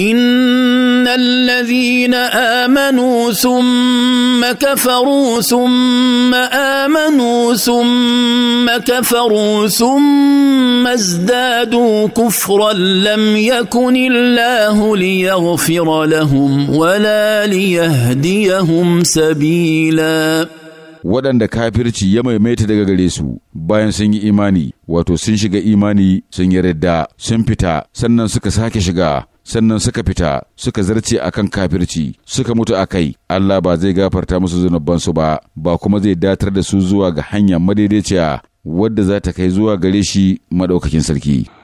ان الذين امنوا ثم كفروا ثم امنوا ثم كفروا ثم ازدادوا كفرا لم يكن الله ليغفر لهم ولا ليهديهم سبيلا waɗanda kafirci ya maimaita daga gare su bayan sun yi imani wato sun shiga imani sun yi radda sun fita sannan suka sake shiga sannan suka fita suka zarce a kan kafirci suka mutu a kai Allah ba zai gafarta musu zunubansu ba ba kuma zai datar da su zuwa ga hanya madaidaiciya wadda za ta kai zuwa gare shi maɗaukakin sarki